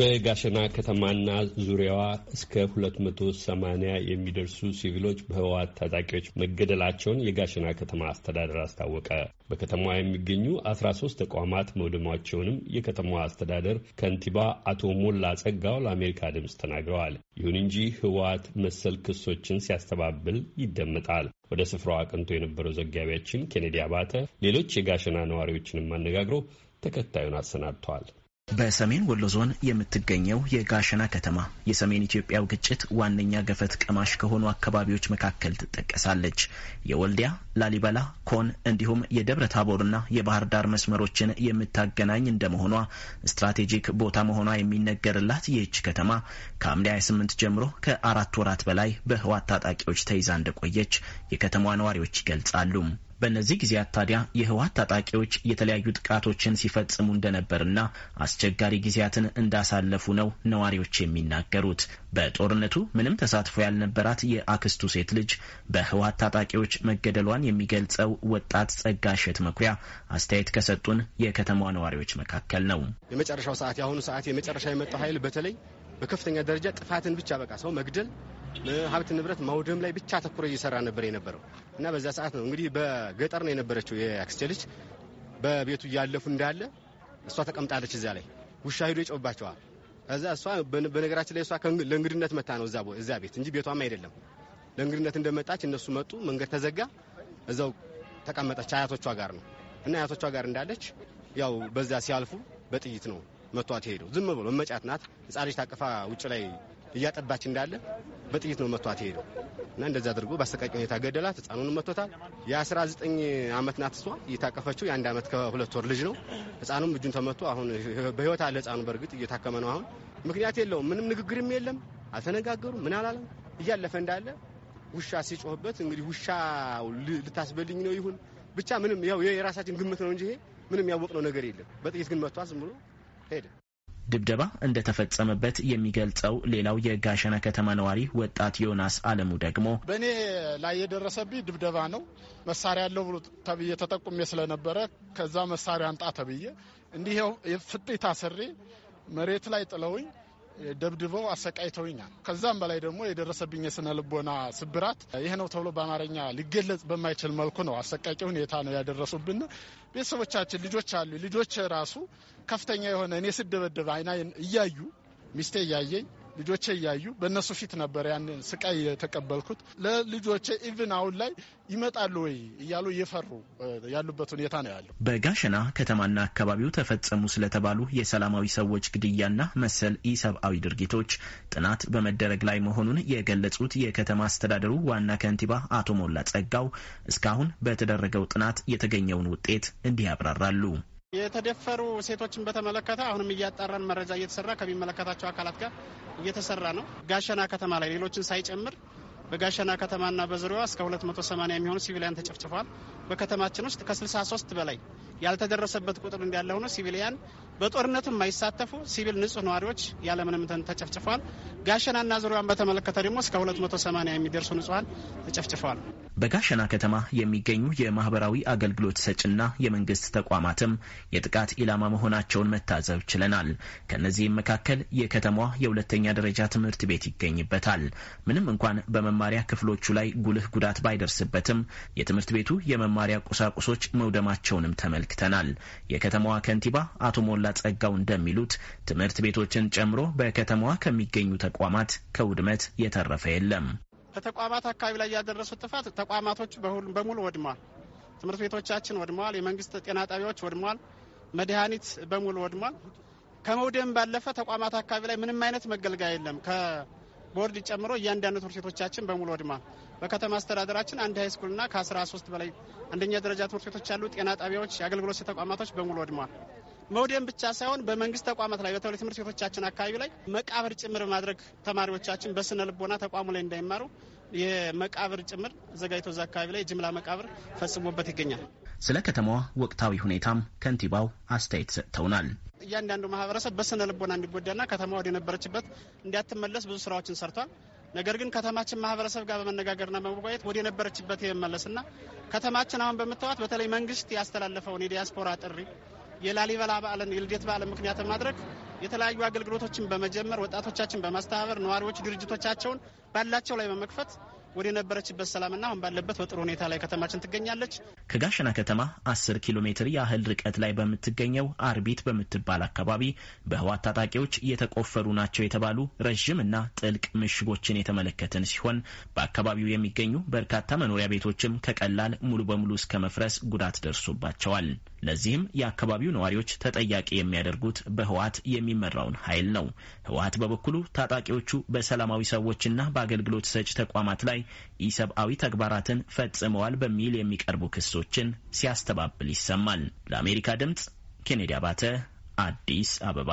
በጋሸና ከተማና ዙሪያዋ እስከ 280 የሚደርሱ ሲቪሎች በህወሓት ታጣቂዎች መገደላቸውን የጋሸና ከተማ አስተዳደር አስታወቀ። በከተማዋ የሚገኙ 13 ተቋማት መውደማቸውንም የከተማዋ አስተዳደር ከንቲባ አቶ ሞላ ጸጋው ለአሜሪካ ድምፅ ተናግረዋል። ይሁን እንጂ ህወሓት መሰል ክሶችን ሲያስተባብል ይደመጣል። ወደ ስፍራው አቅንቶ የነበረው ዘጋቢያችን ኬኔዲ አባተ ሌሎች የጋሸና ነዋሪዎችንም አነጋግሮ ተከታዩን አሰናድተዋል። በሰሜን ወሎ ዞን የምትገኘው የጋሸና ከተማ የሰሜን ኢትዮጵያው ግጭት ዋነኛ ገፈት ቀማሽ ከሆኑ አካባቢዎች መካከል ትጠቀሳለች። የወልዲያ ላሊበላ፣ ኮን እንዲሁም የደብረ ታቦርና የባህር ዳር መስመሮችን የምታገናኝ እንደመሆኗ ስትራቴጂክ ቦታ መሆኗ የሚነገርላት ይህች ከተማ ከሐምሌ 28 ጀምሮ ከአራት ወራት በላይ በህዋት ታጣቂዎች ተይዛ እንደቆየች የከተማዋ ነዋሪዎች ይገልጻሉ። በእነዚህ ጊዜያት ታዲያ የህወሀት ታጣቂዎች የተለያዩ ጥቃቶችን ሲፈጽሙ እንደነበርና አስቸጋሪ ጊዜያትን እንዳሳለፉ ነው ነዋሪዎች የሚናገሩት። በጦርነቱ ምንም ተሳትፎ ያልነበራት የአክስቱ ሴት ልጅ በህወሀት ታጣቂዎች መገደሏን የሚገልጸው ወጣት ጸጋ እሸት መኩሪያ አስተያየት ከሰጡን የከተማዋ ነዋሪዎች መካከል ነው። የመጨረሻው ሰዓት የአሁኑ ሰዓት የመጨረሻ የመጣው ኃይል በተለይ በከፍተኛ ደረጃ ጥፋትን ብቻ በቃ ሰው መግደል ሀብት ንብረት ማውደም ላይ ብቻ ተኩሮ እየሰራ ነበር የነበረው እና በዛ ሰዓት ነው እንግዲህ በገጠር ነው የነበረችው የአክስቴ ልጅ በቤቱ እያለፉ እንዳለ እሷ ተቀምጣለች። እዛ ላይ ውሻ ሂዶ ይጮባቸዋል። ከዛ እሷ በነገራችን ላይ እሷ ለእንግድነት መታ ነው እዛ ቤት እንጂ ቤቷም አይደለም። ለእንግድነት እንደመጣች እነሱ መጡ፣ መንገድ ተዘጋ፣ እዛው ተቀመጠች አያቶቿ ጋር ነው እና አያቶቿ ጋር እንዳለች ያው በዛ ሲያልፉ በጥይት ነው መቷት የሄደው። ዝም ብሎ መመጫት ናት። ልጅ ታቅፋ ውጭ ላይ እያጠባች እንዳለ በጥይት ነው መቷት የሄደው እና እንደዛ አድርጎ በአሰቃቂ ሁኔታ ገደላት። ህፃኑን መቶታል። የ19 ዓመት ናት እሷ እየታቀፈችው የአንድ ዓመት ከሁለት ወር ልጅ ነው። ህፃኑም እጁን ተመቶ አሁን በህይወት አለ ህፃኑ። በእርግጥ እየታከመ ነው አሁን። ምክንያት የለውም ምንም ንግግርም የለም። አልተነጋገሩም። ምን አላለም። እያለፈ እንዳለ ውሻ ሲጮህበት እንግዲህ ውሻ ልታስበልኝ ነው ይሁን ብቻ ምንም ያው የራሳችን ግምት ነው እንጂ ይሄ ምንም ያወቅነው ነገር የለም። በጥይት ግን መቷት ዝም ብሎ ሄደ። ድብደባ እንደተፈጸመበት የሚገልጸው ሌላው የጋሸና ከተማ ነዋሪ ወጣት ዮናስ አለሙ ደግሞ በእኔ ላይ የደረሰብኝ ድብደባ ነው። መሳሪያ ያለው ብሎ ተብዬ ተጠቁሜ ስለነበረ ከዛ መሳሪያ አንጣ ተብዬ እንዲህ ፍጤታ ስሬ መሬት ላይ ጥለውኝ ደብድበው አሰቃይተውኛል። ከዛም በላይ ደግሞ የደረሰብኝ የስነ ልቦና ስብራት ይህ ነው ተብሎ በአማርኛ ሊገለጽ በማይችል መልኩ ነው አሰቃቂ ሁኔታ ነው ያደረሱብን። ቤተሰቦቻችን ልጆች አሉ። ልጆች ራሱ ከፍተኛ የሆነ እኔ ስደበደበ አይና እያዩ ሚስቴ እያየኝ ልጆቼ እያዩ በእነሱ ፊት ነበር ያንን ስቃይ የተቀበልኩት። ለልጆቼ ኢቭን አሁን ላይ ይመጣሉ ወይ እያሉ እየፈሩ ያሉበት ሁኔታ ነው ያለው። በጋሸና ከተማና አካባቢው ተፈጸሙ ስለተባሉ የሰላማዊ ሰዎች ግድያና መሰል ኢሰብአዊ ድርጊቶች ጥናት በመደረግ ላይ መሆኑን የገለጹት የከተማ አስተዳደሩ ዋና ከንቲባ አቶ ሞላ ጸጋው እስካሁን በተደረገው ጥናት የተገኘውን ውጤት እንዲህ ያብራራሉ። የተደፈሩ ሴቶችን በተመለከተ አሁንም እያጣራን መረጃ እየተሰራ ከሚመለከታቸው አካላት ጋር እየተሰራ ነው። ጋሸና ከተማ ላይ ሌሎችን ሳይጨምር በጋሸና ከተማና በዙሪያዋ እስከ 280 የሚሆኑ ሲቪሊያን ተጨፍጭፏል። በከተማችን ውስጥ ከ63 በላይ ያልተደረሰበት ቁጥር እንዳለ ሆኖ ሲቪሊያን በጦርነቱ የማይሳተፉ ሲቪል ንጹህ ነዋሪዎች ያለምንም እንትን ተጨፍጭፏል። ጋሸናና ዙሪያዋን በተመለከተ ደግሞ እስከ 280 የሚደርሱ ንጹሐን ተጨፍጭፈዋል። በጋሸና ከተማ የሚገኙ የማህበራዊ አገልግሎት ሰጪና የመንግስት ተቋማትም የጥቃት ኢላማ መሆናቸውን መታዘብ ችለናል። ከእነዚህም መካከል የከተማዋ የሁለተኛ ደረጃ ትምህርት ቤት ይገኝበታል። ምንም እንኳን በመ የመማሪያ ክፍሎቹ ላይ ጉልህ ጉዳት ባይደርስበትም የትምህርት ቤቱ የመማሪያ ቁሳቁሶች መውደማቸውንም ተመልክተናል። የከተማዋ ከንቲባ አቶ ሞላ ጸጋው እንደሚሉት ትምህርት ቤቶችን ጨምሮ በከተማዋ ከሚገኙ ተቋማት ከውድመት የተረፈ የለም። በተቋማት አካባቢ ላይ ያደረሱት ጥፋት ተቋማቶች በሙሉ ወድመዋል። ትምህርት ቤቶቻችን ወድመዋል። የመንግስት ጤና ጣቢያዎች ወድመዋል። መድኃኒት በሙሉ ወድሟል። ከመውደም ባለፈ ተቋማት አካባቢ ላይ ምንም አይነት መገልገያ የለም። ቦርድ ጨምሮ እያንዳንዱ ትምህርት ቤቶቻችን በሙሉ ወድማ በከተማ አስተዳደራችን አንድ ሃይስኩልና ከ13 በላይ አንደኛ ደረጃ ትምህርት ቤቶች ያሉ ጤና ጣቢያዎች፣ የአገልግሎት ተቋማቶች በሙሉ ወድመዋል። መውደም ብቻ ሳይሆን በመንግስት ተቋማት ላይ በተለይ ትምህርት ቤቶቻችን አካባቢ ላይ መቃብር ጭምር በማድረግ ተማሪዎቻችን በስነ ልቦና ተቋሙ ላይ እንዳይማሩ የመቃብር ጭምር ዘጋጅቶ እዛ አካባቢ ላይ ጅምላ መቃብር ፈጽሞበት ይገኛል። ስለ ከተማዋ ወቅታዊ ሁኔታም ከንቲባው አስተያየት ሰጥተውናል። እያንዳንዱ ማህበረሰብ በስነ ልቦና እንዲጎዳና ከተማ ወደ ነበረችበት እንዲያትመለስ ብዙ ስራዎችን ሰርቷል። ነገር ግን ከተማችን ማህበረሰብ ጋር በመነጋገርና በመጓየት ወደ ነበረችበት የመመለስና ከተማችን አሁን በምታዋት በተለይ መንግስት ያስተላለፈውን የዲያስፖራ ጥሪ የላሊበላ በዓልን የልደት በዓልን ምክንያት በማድረግ የተለያዩ አገልግሎቶችን በመጀመር ወጣቶቻችን በማስተባበር ነዋሪዎች ድርጅቶቻቸውን ባላቸው ላይ በመክፈት ወደ ነበረችበት ሰላምና አሁን ባለበት በጥሩ ሁኔታ ላይ ከተማችን ትገኛለች። ከጋሸና ከተማ 10 ኪሎ ሜትር ያህል ርቀት ላይ በምትገኘው አርቢት በምትባል አካባቢ በህዋት ታጣቂዎች እየተቆፈሩ ናቸው የተባሉ ረዥም እና ጥልቅ ምሽጎችን የተመለከትን ሲሆን በአካባቢው የሚገኙ በርካታ መኖሪያ ቤቶችም ከቀላል ሙሉ በሙሉ እስከ መፍረስ ጉዳት ደርሶባቸዋል። ለዚህም የአካባቢው ነዋሪዎች ተጠያቂ የሚያደርጉት በህወሀት የሚመራውን ኃይል ነው። ህወሀት በበኩሉ ታጣቂዎቹ በሰላማዊ ሰዎችና በአገልግሎት ሰጪ ተቋማት ላይ ኢሰብአዊ ተግባራትን ፈጽመዋል በሚል የሚቀርቡ ክሶችን ሲያስተባብል ይሰማል። ለአሜሪካ ድምጽ ኬኔዲ አባተ አዲስ አበባ